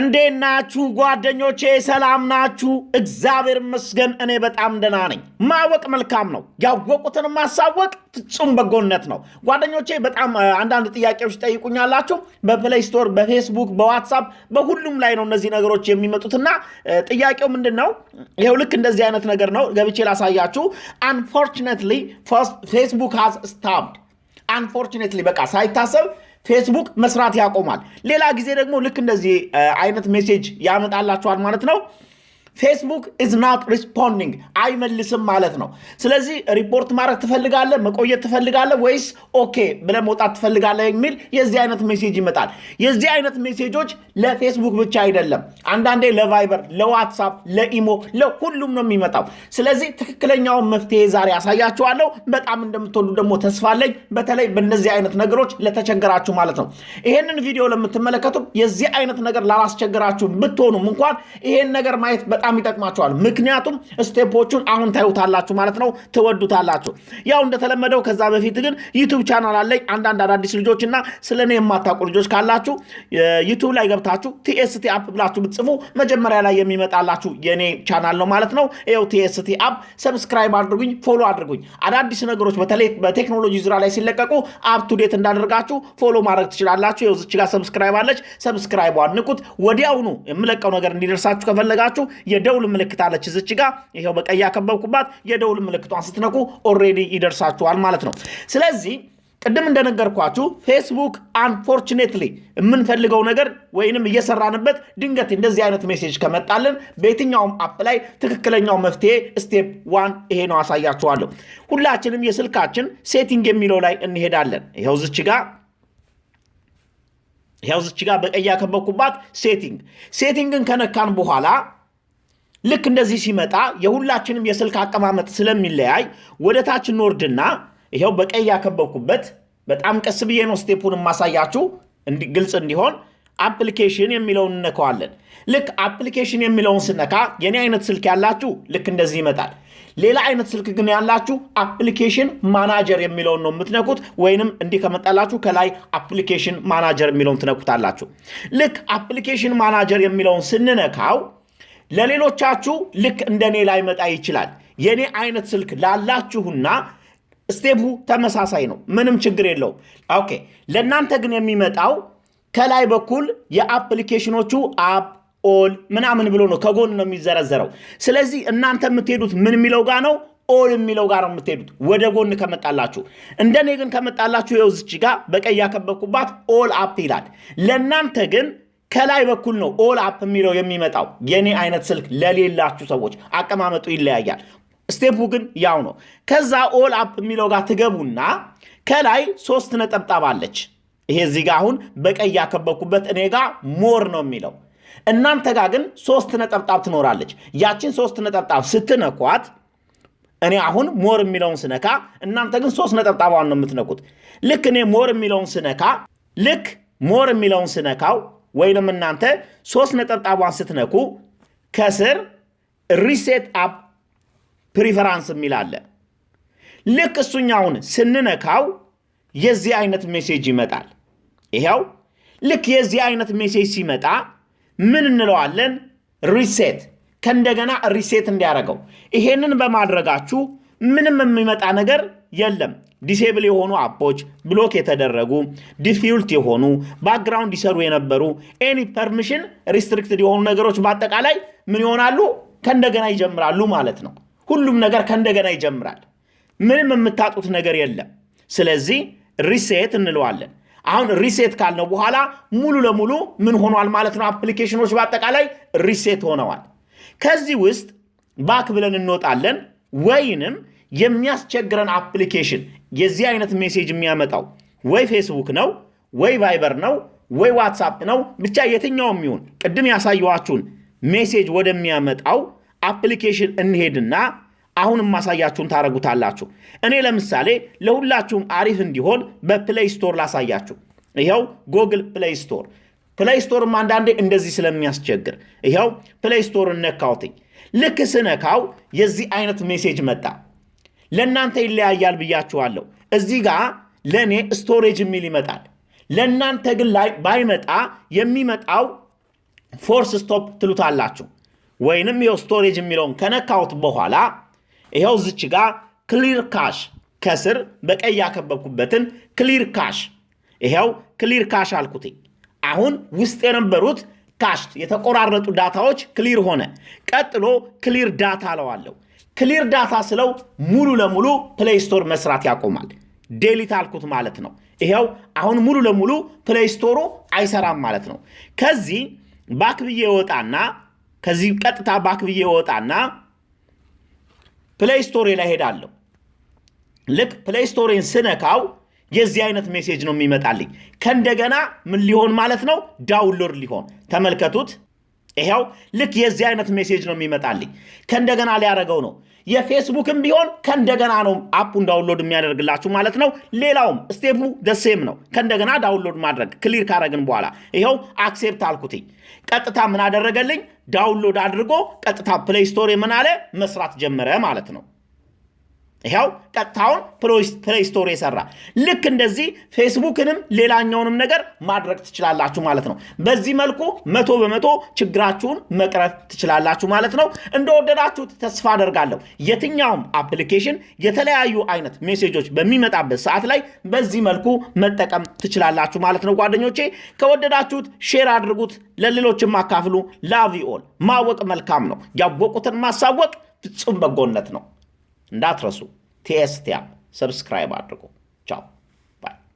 እንዴት ናችሁ ጓደኞቼ? ሰላም ናችሁ? እግዚአብሔር ይመስገን እኔ በጣም ደህና ነኝ። ማወቅ መልካም ነው። ያወቁትን ማሳወቅ ፍጹም በጎነት ነው። ጓደኞቼ በጣም አንዳንድ ጥያቄዎች ጠይቁኛላችሁ። በፕሌይ ስቶር፣ በፌስቡክ፣ በዋትሳፕ በሁሉም ላይ ነው እነዚህ ነገሮች የሚመጡትና ጥያቄው ምንድን ነው? ይኸው ልክ እንደዚህ አይነት ነገር ነው። ገብቼ ላሳያችሁ። አንፎርችኔትሊ ፌስቡክ ሃዝ ስታብድ አንፎርችኔትሊ በቃ ሳይታሰብ ፌስቡክ መስራት ያቆማል። ሌላ ጊዜ ደግሞ ልክ እንደዚህ አይነት ሜሴጅ ያመጣላችኋል ማለት ነው። ፌስቡክ ኢዝ ናት ሪስፖንዲንግ አይመልስም ማለት ነው። ስለዚህ ሪፖርት ማድረግ ትፈልጋለህ፣ መቆየት ትፈልጋለህ ወይስ ኦኬ ብለህ መውጣት ትፈልጋለህ የሚል የዚህ አይነት ሜሴጅ ይመጣል። የዚህ አይነት ሜሴጆች ለፌስቡክ ብቻ አይደለም፣ አንዳንዴ ለቫይበር፣ ለዋትሳፕ፣ ለኢሞ፣ ለሁሉም ነው የሚመጣው። ስለዚህ ትክክለኛውን መፍትሄ ዛሬ ያሳያችኋለሁ። በጣም እንደምትወዱ ደግሞ ተስፋ አለኝ፣ በተለይ በእነዚህ አይነት ነገሮች ለተቸገራችሁ ማለት ነው። ይሄንን ቪዲዮ ለምትመለከቱም የዚህ አይነት ነገር ላላስቸግራችሁ ብትሆኑም እንኳን ይሄን ነገር ማየት በጣም በጣም ይጠቅማቸዋል። ምክንያቱም ስቴፖቹን አሁን ታዩታላችሁ ማለት ነው፣ ትወዱታላችሁ። ያው እንደተለመደው ከዛ በፊት ግን ዩቱብ ቻናል አለኝ። አንዳንድ አዳዲስ ልጆች እና ስለ እኔ የማታውቁ ልጆች ካላችሁ ዩቱብ ላይ ገብታችሁ ቲኤስቲ አፕ ብላችሁ ብትጽፉ መጀመሪያ ላይ የሚመጣላችሁ የእኔ ቻናል ነው ማለት ነው። ይኸው ቲኤስቲ አፕ ሰብስክራይብ አድርጉኝ፣ ፎሎ አድርጉኝ። አዳዲስ ነገሮች በተለይ በቴክኖሎጂ ዙሪያ ላይ ሲለቀቁ አፕቱዴት ዴት እንዳደርጋችሁ ፎሎ ማድረግ ትችላላችሁ። ይኸው እዚች ጋር ሰብስክራይብ አለች። ሰብስክራይቧ ንቁት። ወዲያውኑ የምለቀው ነገር እንዲደርሳችሁ ከፈለጋችሁ የደውል ምልክት አለች እዚች ጋ ይኸው በቀይ ያከበብኩባት የደውል ምልክቷን ስትነኩ ኦልሬዲ ይደርሳችኋል ማለት ነው። ስለዚህ ቅድም እንደነገርኳችሁ ፌስቡክ አንፎርችኔትሊ የምንፈልገው ነገር ወይንም እየሰራንበት ድንገት እንደዚህ አይነት ሜሴጅ ከመጣልን በየትኛውም አፕ ላይ ትክክለኛው መፍትሄ ስቴፕ ዋን ይሄ ነው፣ አሳያችኋለሁ። ሁላችንም የስልካችን ሴቲንግ የሚለው ላይ እንሄዳለን። ይኸው ዝች ጋ ይኸው ዝች ጋ በቀይ ያከበብኩባት ሴቲንግ ሴቲንግን ከነካን በኋላ ልክ እንደዚህ ሲመጣ የሁላችንም የስልክ አቀማመጥ ስለሚለያይ ወደ ታች እንወርድና ይኸው በቀይ ያከበብኩበት በጣም ቀስ ብዬ ነው ስቴፑን የማሳያችሁ ግልጽ እንዲሆን አፕሊኬሽን የሚለውን እነከዋለን። ልክ አፕሊኬሽን የሚለውን ስነካ የኔ አይነት ስልክ ያላችሁ ልክ እንደዚህ ይመጣል። ሌላ አይነት ስልክ ግን ያላችሁ አፕሊኬሽን ማናጀር የሚለውን ነው የምትነኩት። ወይንም እንዲህ ከመጣላችሁ ከላይ አፕሊኬሽን ማናጀር የሚለውን ትነኩታላችሁ። ልክ አፕሊኬሽን ማናጀር የሚለውን ስንነካው ለሌሎቻችሁ ልክ እንደኔ ላይመጣ ይችላል። የኔ አይነት ስልክ ላላችሁና ስቴፑ ተመሳሳይ ነው፣ ምንም ችግር የለውም። ኦኬ። ለእናንተ ግን የሚመጣው ከላይ በኩል የአፕሊኬሽኖቹ አፕ ኦል ምናምን ብሎ ነው፣ ከጎን ነው የሚዘረዘረው። ስለዚህ እናንተ የምትሄዱት ምን የሚለው ጋር ነው? ኦል የሚለው ጋር ነው የምትሄዱት፣ ወደ ጎን ከመጣላችሁ። እንደኔ ግን ከመጣላችሁ የውዝች ጋር በቀይ ያከበብኩባት ኦል አፕ ይላል። ለእናንተ ግን ከላይ በኩል ነው ኦል አፕ የሚለው የሚመጣው። የኔ አይነት ስልክ ለሌላችሁ ሰዎች አቀማመጡ ይለያያል። ስቴፑ ግን ያው ነው። ከዛ ኦል አፕ የሚለው ጋር ትገቡና ከላይ ሶስት ነጠብጣብ አለች። ይሄ እዚህ ጋር አሁን በቀይ ያከበኩበት እኔ ጋር ሞር ነው የሚለው እናንተ ጋር ግን ሶስት ነጠብጣብ ትኖራለች። ያችን ሶስት ነጠብጣብ ስትነኳት እኔ አሁን ሞር የሚለውን ስነካ፣ እናንተ ግን ሶስት ነጠብጣቧን ነው የምትነኩት። ልክ እኔ ሞር የሚለውን ስነካ ልክ ሞር የሚለውን ስነካው ወይንም እናንተ ሶስት ነጠብጣቧን ስትነኩ ከስር ሪሴት አፕ ፕሪፈራንስ የሚል አለ። ልክ እሱኛውን ስንነካው የዚህ አይነት ሜሴጅ ይመጣል። ይኸው ልክ የዚህ አይነት ሜሴጅ ሲመጣ ምን እንለዋለን? ሪሴት ከእንደገና ሪሴት እንዲያደርገው። ይሄንን በማድረጋችሁ ምንም የሚመጣ ነገር የለም። ዲሴብል የሆኑ አፖች፣ ብሎክ የተደረጉ ዲፊውልት የሆኑ ባክግራውንድ ይሰሩ የነበሩ ኤኒ ፐርሚሽን ሪስትሪክትድ የሆኑ ነገሮች በአጠቃላይ ምን ይሆናሉ? ከእንደገና ይጀምራሉ ማለት ነው። ሁሉም ነገር ከእንደገና ይጀምራል። ምንም የምታጡት ነገር የለም። ስለዚህ ሪሴት እንለዋለን። አሁን ሪሴት ካልነው በኋላ ሙሉ ለሙሉ ምን ሆኗል ማለት ነው? አፕሊኬሽኖች በአጠቃላይ ሪሴት ሆነዋል። ከዚህ ውስጥ ባክ ብለን እንወጣለን ወይንም የሚያስቸግረን አፕሊኬሽን የዚህ አይነት ሜሴጅ የሚያመጣው ወይ ፌስቡክ ነው ወይ ቫይበር ነው ወይ ዋትሳፕ ነው፣ ብቻ የትኛውም ይሁን ቅድም ያሳየኋችሁን ሜሴጅ ወደሚያመጣው አፕሊኬሽን እንሄድና አሁን ማሳያችሁን ታደርጉታላችሁ። እኔ ለምሳሌ ለሁላችሁም አሪፍ እንዲሆን በፕሌይ ስቶር ላሳያችሁ። ይኸው ጎግል ፕሌይ ስቶር። ፕሌይ ስቶርም አንዳንዴ እንደዚህ ስለሚያስቸግር ይኸው ፕሌይ ስቶርን ነካውትኝ። ልክ ስነካው የዚህ አይነት ሜሴጅ መጣ። ለእናንተ ይለያያል ብያችኋለሁ። እዚህ ጋር ለእኔ ስቶሬጅ የሚል ይመጣል። ለእናንተ ግን ባይመጣ የሚመጣው ፎርስ ስቶፕ ትሉታላችሁ። ወይንም ይኸው ስቶሬጅ የሚለውን ከነካሁት በኋላ ይኸው ዝች ጋር ክሊር ካሽ ከስር በቀይ ያከበብኩበትን ክሊር ካሽ ይኸው ክሊር ካሽ አልኩት። አሁን ውስጥ የነበሩት ካሽ የተቆራረጡ ዳታዎች ክሊር ሆነ። ቀጥሎ ክሊር ዳታ አለዋለሁ። ክሊር ዳታ ስለው ሙሉ ለሙሉ ፕሌይ ስቶር መስራት ያቆማል። ዴሊት አልኩት ማለት ነው። ይኸው አሁን ሙሉ ለሙሉ ፕሌይ ስቶሩ አይሰራም ማለት ነው። ከዚህ ባክ ብዬ ወጣና ከዚህ ቀጥታ ባክ ብዬ ወጣና ፕሌይ ስቶሬ ላይ ሄዳለሁ። ልክ ፕሌይ ስቶሬን ስነካው የዚህ አይነት ሜሴጅ ነው የሚመጣልኝ። ከእንደገና ምን ሊሆን ማለት ነው ዳውንሎድ ሊሆን ተመልከቱት። ይሄው ልክ የዚህ አይነት ሜሴጅ ነው የሚመጣልኝ። ከእንደገና ሊያደረገው ነው። የፌስቡክም ቢሆን ከእንደገና ነው አፑን ዳውንሎድ የሚያደርግላችሁ ማለት ነው። ሌላውም ስቴፑ ደሴም ነው። ከእንደገና ዳውንሎድ ማድረግ ክሊር ካረግን በኋላ ይኸው አክሴፕት አልኩትኝ። ቀጥታ ምን አደረገልኝ? ዳውንሎድ አድርጎ ቀጥታ ፕሌይ ስቶር የምን አለ መስራት ጀመረ ማለት ነው። ይኸው ቀጥታውን ፕሌይስቶር የሰራ ልክ እንደዚህ ፌስቡክንም ሌላኛውንም ነገር ማድረግ ትችላላችሁ ማለት ነው። በዚህ መልኩ መቶ በመቶ ችግራችሁን መቅረፍ ትችላላችሁ ማለት ነው። እንደወደዳችሁት ተስፋ አደርጋለሁ። የትኛውም አፕሊኬሽን የተለያዩ አይነት ሜሴጆች በሚመጣበት ሰዓት ላይ በዚህ መልኩ መጠቀም ትችላላችሁ ማለት ነው። ጓደኞቼ ከወደዳችሁት ሼር አድርጉት፣ ለሌሎችም አካፍሉ። ላቪኦል ማወቅ መልካም ነው፣ ያወቁትን ማሳወቅ ፍጹም በጎነት ነው። እንዳትረሱ። ቲኤስቲያ ሰብስክራይብ አድርጉ። ቻው